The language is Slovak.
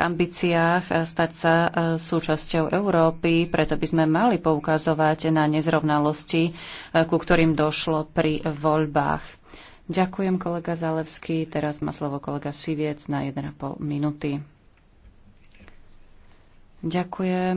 ambíciách stať sa e, súčasťou Európy, preto by sme mali poukazovať na nezrovnalosti, e, ku ktorým došlo pri voľbách. Ďakujem, kolega Zalevský. Teraz má slovo kolega Siviec na 1,5 minúty. Ďakujem.